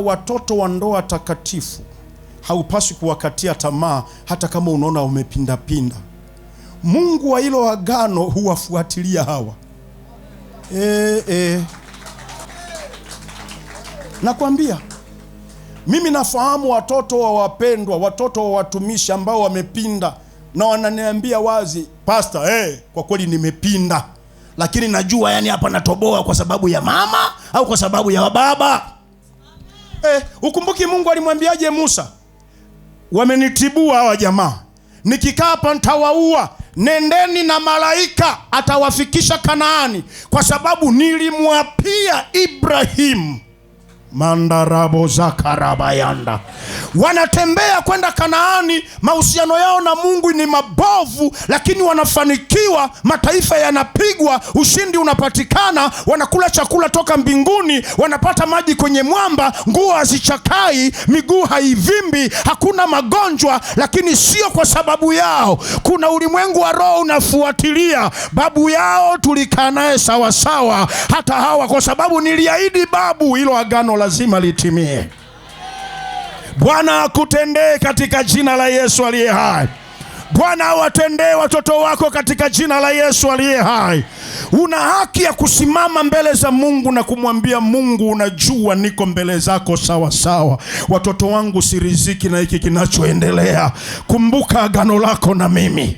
Watoto wa ndoa takatifu haupaswi kuwakatia tamaa, hata kama unaona umepindapinda. Mungu wa hilo agano huwafuatilia hawa e, e. Nakwambia mimi nafahamu watoto wa wapendwa, watoto wa watumishi ambao wamepinda na wananiambia wazi, Pasta, hey, eh, kwa kweli nimepinda, lakini najua yani hapa natoboa kwa sababu ya mama au kwa sababu ya baba Eh, ukumbuki Mungu alimwambiaje Musa? Wamenitibua hawa jamaa, nikikaa hapa ntawaua. Nendeni na malaika atawafikisha Kanaani, kwa sababu nilimwapia Ibrahimu mandarabo zakarabayanda. Wanatembea kwenda Kanaani duniani mahusiano yao na Mungu ni mabovu, lakini wanafanikiwa. Mataifa yanapigwa, ushindi unapatikana, wanakula chakula toka mbinguni, wanapata maji kwenye mwamba, nguo hazichakai, miguu haivimbi, hakuna magonjwa, lakini sio kwa sababu yao. Kuna ulimwengu wa roho unafuatilia. Babu yao tulikaa naye sawasawa, hata hawa, kwa sababu niliahidi babu, hilo agano lazima litimie. Bwana akutendee katika jina la Yesu aliye hai. Bwana awatendee watoto wako katika jina la Yesu aliye hai. Una haki ya kusimama mbele za Mungu na kumwambia Mungu, unajua niko mbele zako sawa sawa, watoto wangu siriziki na hiki kinachoendelea. Kumbuka agano lako na mimi.